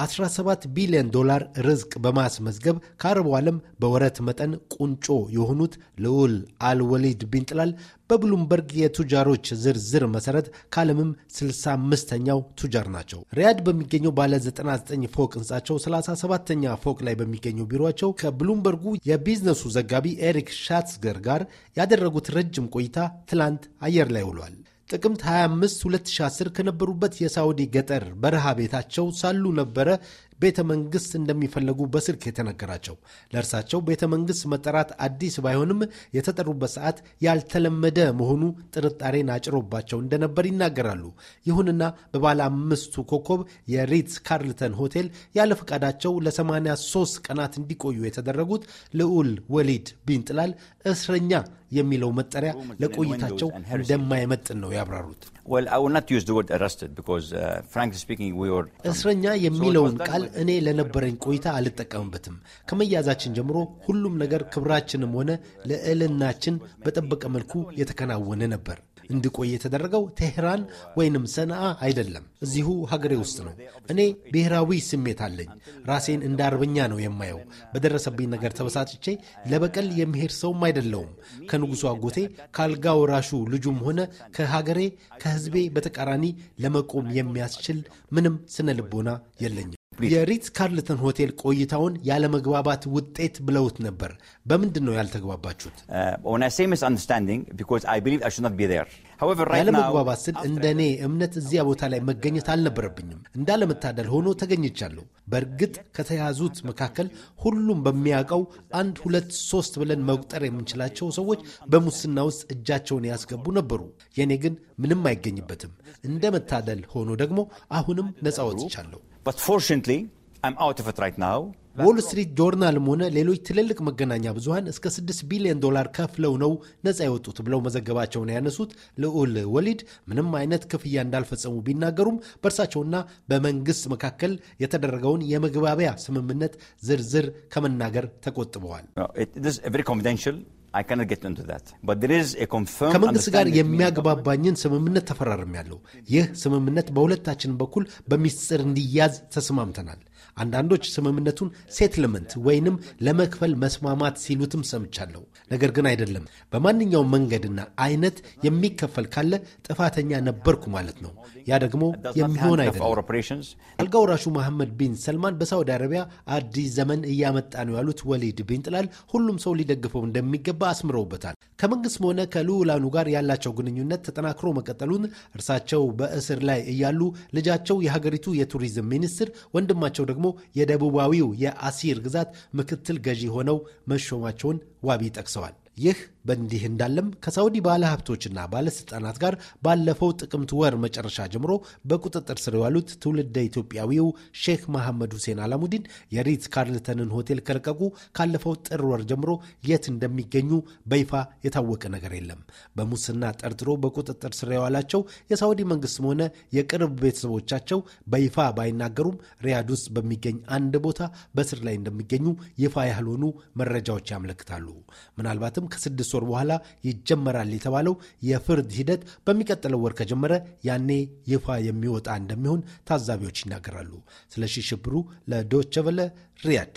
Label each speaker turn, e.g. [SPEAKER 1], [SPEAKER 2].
[SPEAKER 1] 17 ቢሊዮን ዶላር ርዝቅ በማስመዝገብ ከአረቡ ዓለም በወረት መጠን ቁንጮ የሆኑት ልዑል አልወሊድ ቢንጥላል። በብሉምበርግ የቱጃሮች ዝርዝር መሰረት ከዓለምም 65ኛው ቱጃር ናቸው። ሪያድ በሚገኘው ባለ 99 ፎቅ ህንጻቸው 37ኛ ፎቅ ላይ በሚገኘው ቢሮቸው ከብሉምበርጉ የቢዝነሱ ዘጋቢ ኤሪክ ሻትስገር ጋር ያደረጉት ረጅም ቆይታ ትላንት አየር ላይ ውሏል። ጥቅምት 25 2010 ከነበሩበት የሳውዲ ገጠር በረሃ ቤታቸው ሳሉ ነበረ ቤተ መንግስት እንደሚፈለጉ በስልክ የተነገራቸው ለእርሳቸው ቤተ መንግስት መጠራት አዲስ ባይሆንም የተጠሩበት ሰዓት ያልተለመደ መሆኑ ጥርጣሬን አጭሮባቸው እንደነበር ይናገራሉ። ይሁንና በባለ አምስቱ ኮከብ የሪትስ ካርልተን ሆቴል ያለ ፈቃዳቸው ለ83 ቀናት እንዲቆዩ የተደረጉት ልዑል ወሊድ ቢን ጥላል እስረኛ የሚለው መጠሪያ ለቆይታቸው እንደማይመጥን ነው ያብራሩት። uh, እስረኛ የሚለውን ቃል እኔ ለነበረኝ ቆይታ አልጠቀምበትም። ከመያዛችን ጀምሮ ሁሉም ነገር ክብራችንም ሆነ ልዕልናችን በጠበቀ መልኩ የተከናወነ ነበር። እንድቆይ የተደረገው ቴህራን ወይንም ሰንዓ አይደለም፣ እዚሁ ሀገሬ ውስጥ ነው። እኔ ብሔራዊ ስሜት አለኝ። ራሴን እንደ አርበኛ ነው የማየው። በደረሰብኝ ነገር ተበሳጭቼ ለበቀል የምሄድ ሰውም አይደለውም። ከንጉሡ አጎቴ ከአልጋ ወራሹ ልጁም ሆነ ከሀገሬ ከህዝቤ በተቃራኒ ለመቆም የሚያስችል ምንም ስነ ልቦና የለኝም። የሪት ካርልተን ሆቴል ቆይታውን ያለመግባባት ውጤት ብለውት ነበር። በምንድን ነው ያልተግባባችሁት?
[SPEAKER 2] Uh, ያለመግባባት
[SPEAKER 1] ስል እንደ እኔ እምነት እዚያ ቦታ ላይ መገኘት አልነበረብኝም። እንዳለመታደል ሆኖ ተገኝቻለሁ። በእርግጥ ከተያዙት መካከል ሁሉም በሚያውቀው አንድ ሁለት ሶስት ብለን መቁጠር የምንችላቸው ሰዎች በሙስና ውስጥ እጃቸውን ያስገቡ ነበሩ። የእኔ ግን ምንም አይገኝበትም። እንደ መታደል ሆኖ ደግሞ አሁንም ነፃ ወጥቻለሁ። ዎል ስትሪት ጆርናልም ሆነ ሌሎች ትልልቅ መገናኛ ብዙሃን እስከ 6 ቢሊዮን ዶላር ከፍለው ነው ነፃ የወጡት ብለው መዘገባቸውን ያነሱት ልዑል ወሊድ ምንም አይነት ክፍያ እንዳልፈጸሙ ቢናገሩም በእርሳቸውና በመንግስት መካከል የተደረገውን የመግባቢያ ስምምነት ዝርዝር ከመናገር ተቆጥበዋል።
[SPEAKER 2] ከመንግስት ጋር የሚያግባባኝን
[SPEAKER 1] ስምምነት ተፈራርም ያለው ይህ ስምምነት በሁለታችን በኩል በሚስጥር እንዲያዝ ተስማምተናል። አንዳንዶች ስምምነቱን ሴትልመንት ወይንም ለመክፈል መስማማት ሲሉትም ሰምቻለሁ። ነገር ግን አይደለም። በማንኛውም መንገድና አይነት የሚከፈል ካለ ጥፋተኛ ነበርኩ ማለት ነው። ያ ደግሞ የሚሆን አይደለም። አልጋ ወራሹ መሐመድ ቢን ሰልማን በሳውዲ አረቢያ አዲስ ዘመን እያመጣ ነው ያሉት ወሊድ ቢን ጥላል ሁሉም ሰው ሊደግፈው እንደሚገባ አስምረውበታል። ከመንግስትም ሆነ ከልዑላኑ ጋር ያላቸው ግንኙነት ተጠናክሮ መቀጠሉን እርሳቸው በእስር ላይ እያሉ ልጃቸው የሀገሪቱ የቱሪዝም ሚኒስትር ወንድማቸው ደግሞ የደቡባዊው የአሲር ግዛት ምክትል ገዢ ሆነው መሾማቸውን ዋቢ ጠቅሰዋል። ይህ በእንዲህ እንዳለም ከሳውዲ ባለሀብቶችና ባለስልጣናት ጋር ባለፈው ጥቅምት ወር መጨረሻ ጀምሮ በቁጥጥር ስር የዋሉት ትውልደ ኢትዮጵያዊው ሼክ መሐመድ ሁሴን አላሙዲን የሪት ካርልተንን ሆቴል ከለቀቁ ካለፈው ጥር ወር ጀምሮ የት እንደሚገኙ በይፋ የታወቀ ነገር የለም። በሙስና ጠርጥሮ በቁጥጥር ስር የዋላቸው የሳውዲ መንግስትም ሆነ የቅርብ ቤተሰቦቻቸው በይፋ ባይናገሩም ሪያድ ውስጥ በሚገኝ አንድ ቦታ በስር ላይ እንደሚገኙ ይፋ ያልሆኑ መረጃዎች ያመለክታሉ። ምናልባትም ማለትም ከስድስት ወር በኋላ ይጀመራል የተባለው የፍርድ ሂደት በሚቀጥለው ወር ከጀመረ ያኔ ይፋ የሚወጣ እንደሚሆን ታዛቢዎች ይናገራሉ። ስለሺ ሽብሩ ለዶቸቨለ ሪያድ